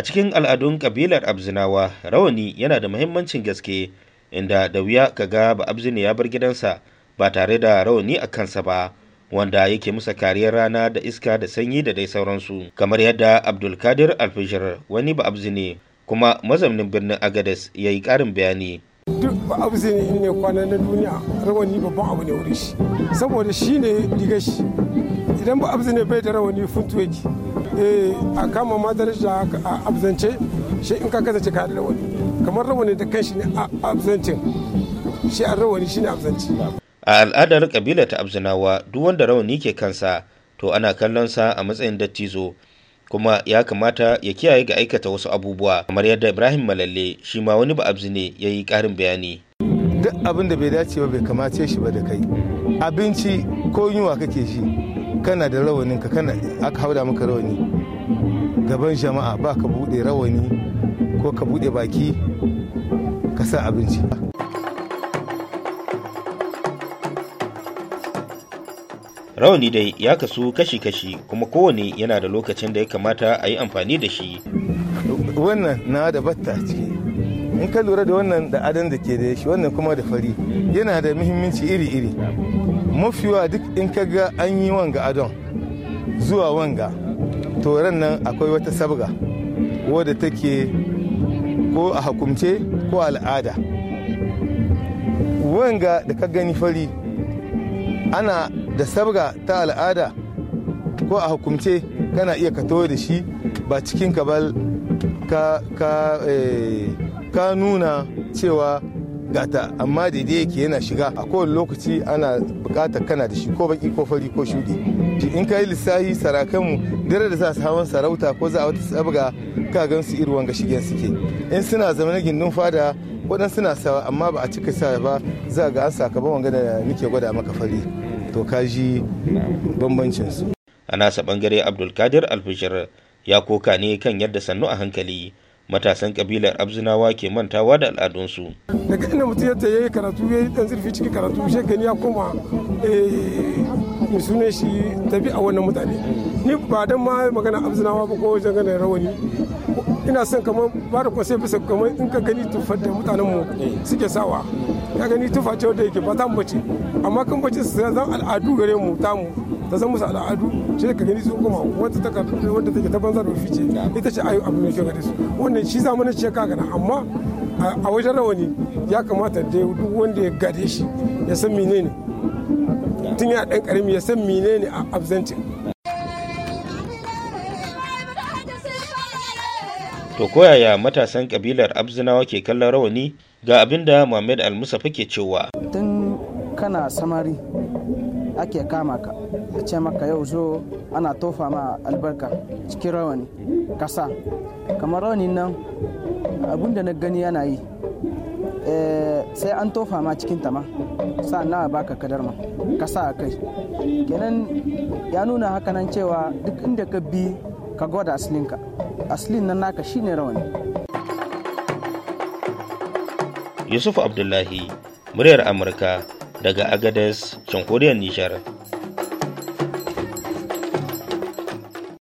A cikin al'adun ƙabilar Abzinawa, rawani yana da muhimmancin gaske, inda da wuya ka ga ba Abzini ya bar gidansa ba tare da rawani a kansa ba, wanda yake masa kariyar rana da iska da sanyi da dai sauransu. Kamar yadda Abdulkadir Alfijir wani ba Abzini kuma mazaunin birnin Agades ya yi ƙarin bayani. duk abu zai ne kwanan na duniya rawani babban abu ne wuri shi saboda shi ne rigar shi idan ba abu ne bai da rawani funtu yake eh, a kama ma daraja a abzance shi in ka kasance ka da rawani kamar rawani da kanshi ne a abzancin shi a rawani shi ne abzanci a al'adar kabila ta abzinawa duk wanda rawani ke kansa to ana kallon sa a matsayin dattizo kuma ya kamata ya kiyaye ga aikata wasu abubuwa kamar yadda ibrahim malalle shi ma wani ba ne ya yi karin bayani duk abin da bai dace ba bai kamace shi ba da kai abinci ko yunwa kake shi kana da rawaninka kana aka hauda maka rawani gaban jama'a ba ka bude rawani ko ka bude baki ka sa abinci rawani dai ya kasu kashi-kashi kuma kowane yana da lokacin da ya kamata a yi amfani da shi wannan na da batta ciki in ka lura da wannan da adan da ke da shi wannan kuma da fari yana da muhimmanci iri-iri mafiwa duk in ka ga an yi wanga adon zuwa wanga toran nan akwai wata sabga wadda take ko a hakumce ko al'ada wanga da ka gani fari ana da sabga ta al'ada ko a hukumce kana iya ka da shi ba cikin ka eh, ka nuna cewa gata amma daidai yake yana shiga a kowane lokaci ana bukatar kana da shi ko baki ko fari ko shudi in ka yi lissahi sarakanmu dare da za su hawan sarauta ko za a wata sabga ka gan su irwan ga shigen suke in suna zama na gindin fada waɗansu suna sawa amma ba a cika sa ba za ga an sakamakon wanga da nake gwada maka fari to kaji bambancin su a nasa bangare abdulkadir albishir ya koka ne kan yadda sannu a hankali matasan kabilar abzinawa ke mantawa da al'adunsu daga inda mutum ya yi karatu ya yi dan zurfi cikin karatu shi gani ya koma eh, sunan shi tafi a wannan mutane ni ba dan ma magana abzinawa ba ko wajen ganin rawani ina son kamar ba da kwasai bisa kamar in ka gani tufar da mutanen mu suke sawa ka gani tufa ce wadda yake ba ta bace amma kan bace su zan al'adu gare mu ta mu ta san musu al'adu ce ka gani su kuma wata ta wanda take ta banzar rufi ce ita ce ayu abu mai kyau gare su wannan shi zamanin ce ka gana amma a wajen rawani ya kamata da duk wanda ya gade shi ya san menene tun ya dan karimi ya san menene a abzancin To koyaya matasan kabilar Abzinawa ke kallon rawani ga abin da Muhammad Almusafa ke cewa. Tun kana samari ake kama ka a ce maka yau zo ana tofa ma albarka cikin rawani kasa kamar rawani nan abin da na gani yana yi eh, sai an tofa ma cikin tama baka kadar ma kasa a kai kenan ya nuna hakanan cewa duk inda ka bi ka gwada asilinka aslin na naka shine rawani yusuf abdullahi muryar amurka daga agadez jamhuriyar nijar